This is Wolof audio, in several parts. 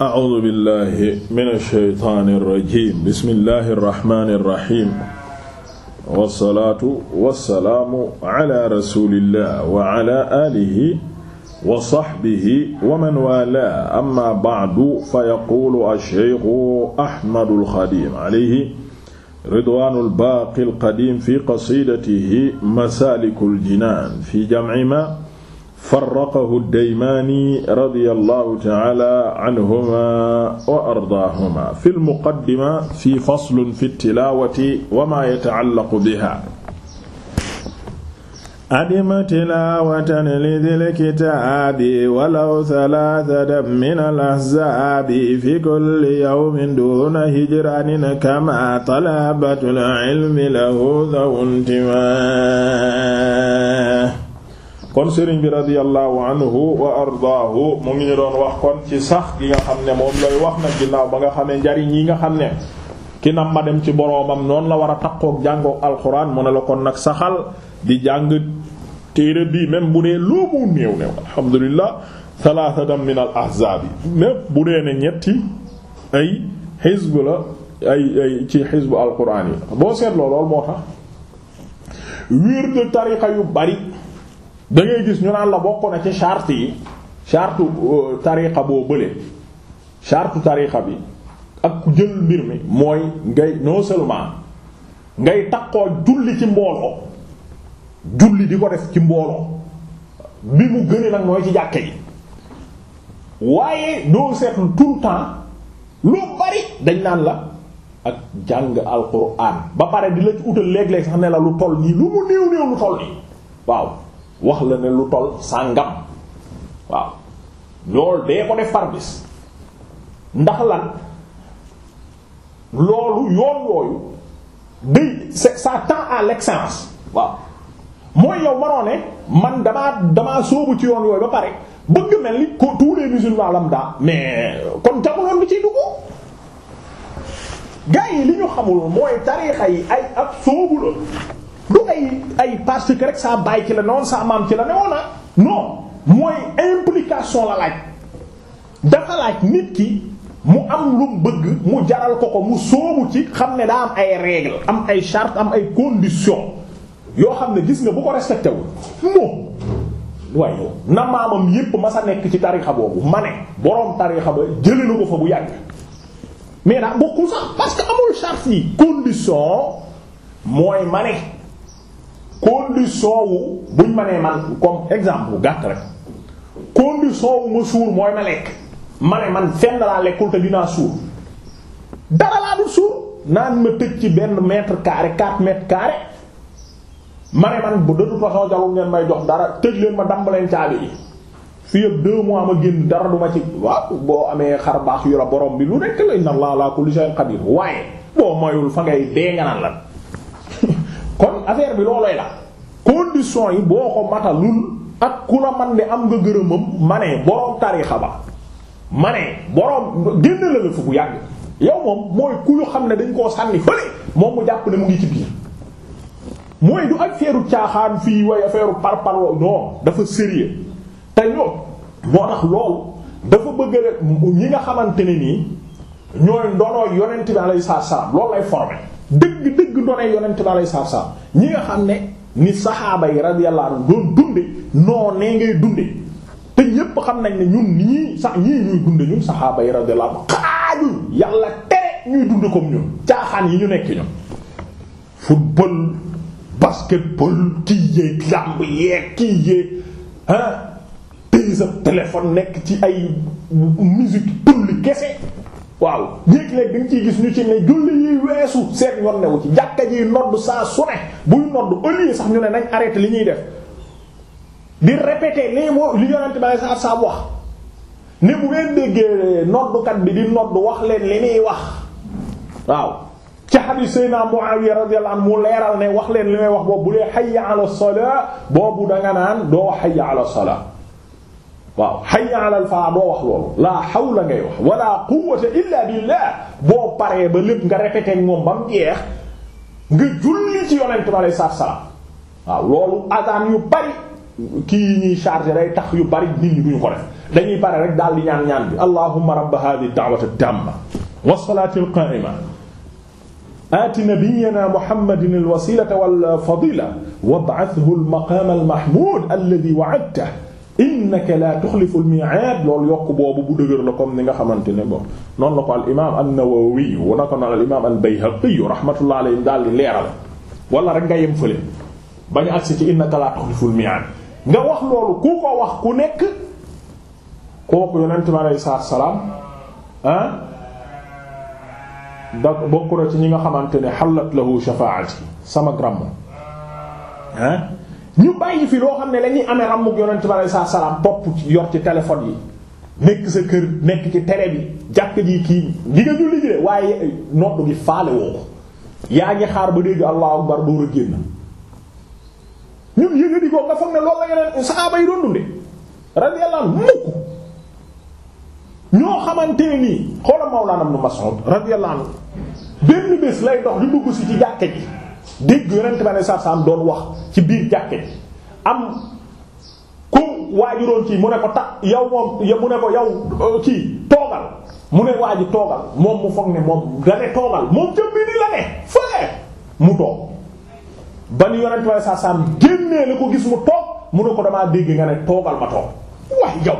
a'uudu billahi mina shaytaani rajiim bismillahi rahmaani rahiim wasalaatu wasalaamu ala rasulillah wa ala alihi wa sahbihi wa man waalaahu amma ba'du fa yaquulu ash-shaykhu Ahmadu al-Xadiim alayhi ridwaanu al-baaqi al-qadiim fi qasiidatihi masaaliku al-jinaan fi jam'i maa farraqahu Daymaani radiyallahu ta'ala anhumaa wa ardaahumaa fil muqaddima fi faslun fi tilaawati wa maa yata'allaqu bihaa. adima tilaawatan lidil kitaabi walaw salaasatan minal ahzaabi fi kulli yawmin duuna hijraanin kamaa talabatul ilmi lahu dhawu intimaa kon sëriñ bi radiyallahu anhu wa ardaahu mu ngi ñu doon wax kon ci sax gi nga xam ne moom looy wax nag ginnaaw ba nga xam ne njariñ yi nga xam ne ki nam ma dem ci boroomam noonu la war a takkook jàngook alxuraan mu ne la kon nag saxal di jàng téere bii même bu dee loo mu néew néew alhamdulillah thalathatan min al ahzaab yi même bu dee ne ñetti ay xisb la ay ay ci xisbu alxuraan yi boo seetloo lool moo tax wiir de tariqa yu bari da ngay gis ñu naan la bokk na ci charte yi charte euh, tariqa boo bële charte tariqa bi ak jël mbir mi mooy ngay non seulement ngay takkoo julli ci mbooloo julli di ko def ci mbooloo bi mu gëne nag mooy ci jàkke yi waaye doo seetlu tout le temps lu bari dañ naan la ak jàng alquran ba pare di la ci utal léeg-léeg sax ne la lu toll nii lu mu néew néew lu toll nii waaw wax la ne lu toll sàngam waaw loolu dee ko def par bis ndax lan loolu yoon yooyu day ça tend à l'excellence waaw mooy yow manoo ne man damaa damaa sóobu ci yoon yooyu ba pare bëgg mel ni ko tous les musulmans lambda mais kon jamono bi ciy duggu gaa yi li ñu xamul mooy tariixa yi ay ab sóobu la du ay ay parce que rek saa baay ci la ne woon saa maam ci la ne woon ah. non mooy implication la laaj dafa laaj nit ki mu am lu bëgg mu jaral ko ko mu sóobu ci xam ne daa am ay règle am ay charte am ay condition yoo xam ne gis nga bu ko respecté wu moom waaye yow na maamam yépp ma sa nekk ci tarixa boobu ma ne boroom tarixa ba jëlee ko fa bu yàgg mais daa bokkul sax parce amul charte yi condition mooy ma ne condition wu buñ ma nee man comme exemple bu gàtt rek condition wu ma suur mooy ma lekk ma ne man fenn laa lekkul te dinaa suur dara laa dul suur naan ma tëj ci benn mètre carré quatre mètres carré ma ne man da de toute jarul ngeen may jox dara tëj leen ma damb leen caabi yi fii yëpp deux mois ma génn dara du ma ci waaw boo amee xar baax yu la borom bi lu nekk la inna Allaha ala kulli shay'in qadir waaye boo moyul fa ngay dee nga naan la. kon affaire bi loolooy la condition yi boo ko matalul ak ku la man di am nga gërëmam ma ne boroom tariixa ba ma ne boroom génn la la fu yàgg yow moom mooy ku ñu xam ne dañ koo sànni fële moom mu jàpp ne mu ngi ci biir mooy du ak feeru caaxaan fii waaye feeru parpar non dafa sérieux te ñoo moo tax loolu dafa bëgg rek ñi nga xamante ni nii ñooy ndonoo yonent bi alayhi salaam loolu lay former dëgg dëgg ndonee yonent ba lay saab-saab ñi nga xam ne ni saxaaba yi radiyallahu anhu doon dunde noo nee ngay dunde te ñépp xam nañ ne ñun ñii sax ñii ñuy dunde ñun saxaaba yi radiyallahu anhu xaajuñ yàlla tere ñuy dunde comme ñun caaxaan yi ñu nekk ñun football basketball kii yee làmb yeeg kii yee ah téye sa téléphone nekk ci ay musique tulli kese waaw léeg-léeg dañ ciy gis ñu ci ne julli yiy weesu seen yoon newu ci jàkka ji nodd saa su ne buy nodd ëllëgee sax ñu ne nañ arrêté li ñuy def di répéter lii moo li yonent ba sa saab wax ne bu ngeen déggee noddukat bi di nodd wax leen li muy wax waaw ci xadiis Seydina Muawiya radiyallahu anhu mu leeral ne wax leen li may wax boobu bu dee hayya ala salaa boobu danga naan doo hayya ala salaa waaw hayya alal falaa doo wax loolu laa hawla ngay wax wala quwwata illa billah boo paree ba lépp nga répété ak moom ba mu jeex nga julli ci yonent bi alayhi salaam waaw loolu azan yu bari kii yi ñuy chargé day tax yu bari nit ñi duñu ko def dañuy pare rek daal di ñaan ñaan bi allahumma rabba hadhihi ad-da'wati ad-damma was-salati al-qa'ima aati nabiyyana muhammadin al-wasilata wal-fadila wab'athhu al-maqama al-mahmud alladhi wa'adtahu innaka la tuxlifu al-mi'aad loolu yokk boobu bu dëgër la comme ni nga xamante ne bon noonu la ko al imaam an ko naan al imaam al-Bayhaqi daal di leeral wala rek nga yem fële bañ a agsi ci innaka la tuxlifu al-mi'aad nga wax loolu ku ko wax ku nekk kooku yonent bi alayhi salaam ah da bokk na ci ñi nga xamante ne xalat lahu shafaa'ati sama gramme ah. ñu bàyyi fi loo xam ne lañuy amee ràmmug yonent bi alayhi salaam topp ci yor ci téléphone yi nekk sa kër nekk ci télé bi jàkk ji kii di nga julli ji waaye nodd gi faale woo ko yaa ngi xaar ba dégg allahu akbar door a génn ñun yëga di ko nga foog ne loolu la yeneen saxaaba yi doon dunde radiyallahu mukk ñoo xamante ne nii xoola mawlaana ibn Mas'ud radiyallahu benn bés lay dox di dugg si ci jàkk ji dégg yonent ba ne sarsam doon wax ci biir jàkke am ku waajuroon kii mu ne ko ta yow moom mu ne ko yow euh, kii toogal mu ne waa toogal moom mu foog ne moom da ne toogal moom ca biir la ne fële mu ko gis dégg nga ne toogal ma toog waaye yow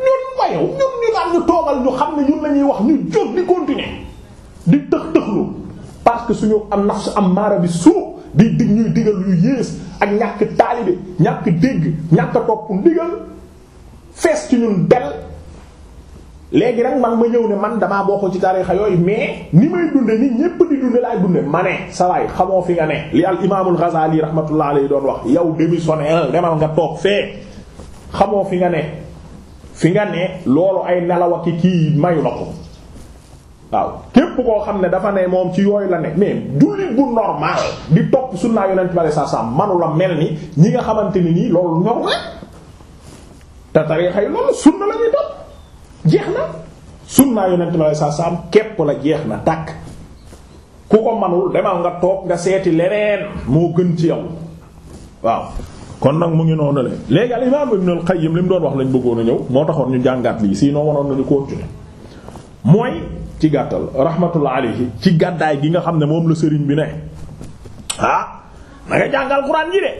ñun wayow ñun ñu naan ñu toogal ñu xam ne ñun la wax ñu jóg di continuer di tëx parce que suñu am nafs am maara bi suu di dig ñuy digal yu yées ak ñàkk taalibe ñàkk dégg ñàkk topp ndigal fees ci ñun del léegi nag man ma ñëw ne man damaa bokk ci tarixa yooyu mais ni may dunde ni ñépp di dunde laay dunde ma ne sa xamoo fi nga ne li al imaamul Ghazali rahmatullah doon wax yow démissionnel demal nga toog fee xamoo fi nga ne fi nga ne loolu ay nelaw ak kii mayu la ko waaw képp koo xam ne dafa ne moom ci yooyu la ne mais jullit bu normal di topp sunnaa yonent bale saa saa manu la mel ni ñi nga xamante ni nii loolu ñor na te tariixa yi loolu sunna la ñuy topp jeex na sunnaa yonent bale saa saa képp la jeex na tàkk ku ko manul demal nga toog nga seeti leneen moo gën ci yow waaw kon mu ngi noonu leen léegi al imaam Ibn al Qayyim li mu doon wax lañ bëggoon a ñëw moo taxoon ñu jàngaat lii sinon wanoon nañu continuer mooy ci gàttal rahmatullah alayhi ci gàddaay gi nga xam ne moom la sëriñ bi ne ah na nga jàngal quran ji de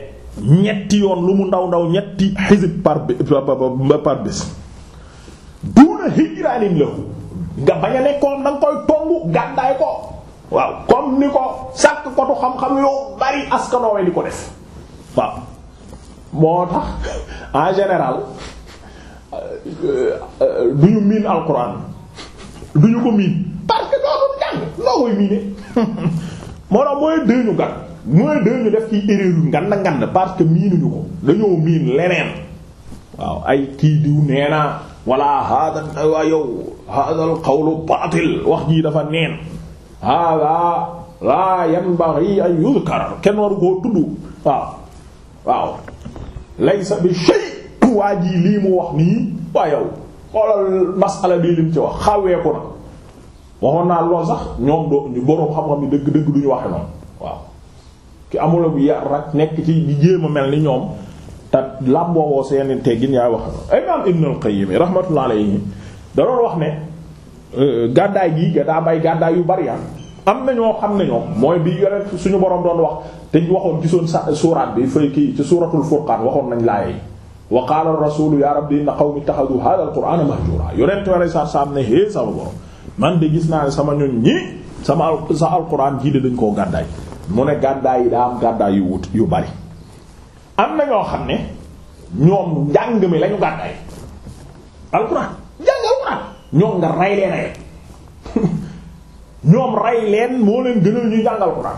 ñetti yoon lu mu ndaw ndaw ñetti xisib par par bés duuna hijraanin lahu nga bañ a nekkoon da koy tomb gàddaay ko waaw comme ni ko sàkk kotu xam-xam yoo bari askanoowe di ko def waaw moo tax en général euh, euh, duñu miin alquran du ko miin parce que dootul jàng loo koy miine moo tax mooy dëñu ñu mooy dëñu def ci erreur yu ngand ngand que miinuñu ko dañoo miin leneen waaw ay kii diw nee na wala yow hada al baatil wax jii dafa neen hada laa yanbaghi an yuzkar kenn waru koo tudd waaw waaw laysa bi shay waa jii lii mu wax nii waa yow xoolal masala bii lim ci wax xaweeku na waxoon naa lool sax ñoom doo boroom xam-xam dëgg dëgg duñu waxe noonu waaw ki amula bu yar rak nekk ci di jéem a mel ni ñoom te làmboowoo seeni teggin yaay waxe noonu imam Ibn al da doon wax ne euh, gàddaay gi ga daa bay gàddaay yu bari am na ñoo xam ne ñoom mooy bi yore suñu borom doon wax te ñu waxoon gisoon sa suuraat bi fay kii ci suuratul furqaan waxoon nañ laayee wa qaala ar-rasuulu yaa rabbi inna qawmi ittaxadu haadha al-qur'aana mahjuura yonent bi alayhi salaam ne hee sama borom man de gis naa ne sama ñoñ ñi sama sa alquran jii de dañ koo gàddaay mu ne gàddaay yi daa am gàddaay yu wut yu bari am na ñoo xam ne ñoom njàng mi lañu gàddaay alquran njàng alquran ñoom nga rey leen ay ñoom rey leen moo leen gënal ñuy jàng alquran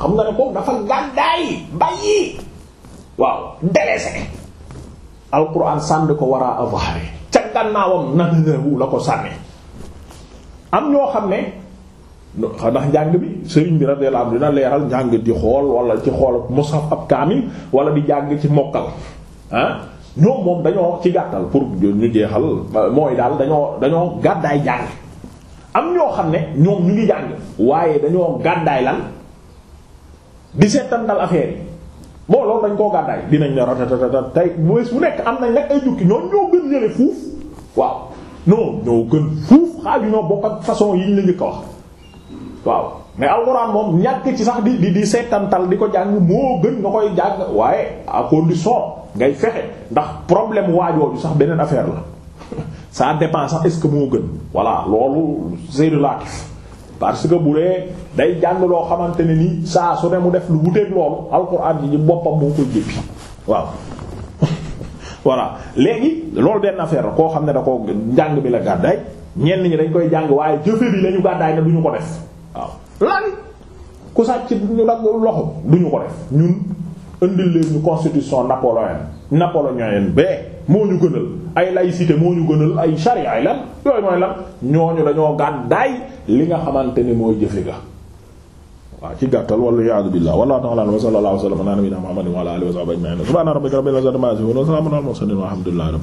xam nga ne ko dafa gàddaay bàyyi waaw délaissé alquran sànni ko war a avaare ca gannaawam nanawu la ko sànnee am xam ne ndax njàng bi bi radiyallahu anhu leeral njàng di xool wala ci xool mushaf ab kaamil wala di jàng ci mokkal ah ñoom moom dañoo ci gàttal pour ñu jeexal mooy daal dañoo dañoo gàddaay jàng am ñoo xam ne ñoom ñu ngi jàng waaye dañoo gàddaay lan di seetantal affaire yi bon loolu dañ koo gàddaay dinañ ne ratatata tey bés bu nekk am nañ nag ay jukki ñoom ñoo gën ñële fuuf waaw non ñoo gën fuuf xaaju ñoo bokk ak façon yiñ la njëkk a wax waaw mais alxuraan moom ñàkk ci sax di di di seetantal di ko jàng moo gën nga koy jàng waaye à condition ngay fexe ndax problème waajooju sax beneen affaire la ça dépend sax est-ce que moo gën voilà loolu c'est relatif parce que bu dee day jàng loo xamante ne nii saa su ne mu def lu wuteeg loolu alxuraan ji boppam moo koy jëppi waaw voilà léegi loolu benn affaire la koo xam ne da ko njàng bi la gàddaay ñenn ñi dañ koy jàng waaye jëfe bi la gàddaay ne du ñu ko def waaw lan ku sàcc ñu nag loxo duñu ko def ñun indil ñu constitution napoléonienne napoléonienne bee moo ñu gënal ay laïcité moo ñu gënal ay charia ay lan yooyu mooy lan ñooñu dañoo gàddaay li nga xamante ne mooy jëfe ga waaw ci gàttal wala yaadu billah wallahu ta'ala wa sallallahu alayhi wa sallam ala nabiyina muhammadin wa ala alihi wa sahbihi ajma'in subhana rabbika rabbil izzati amma yasifun wa salamun alal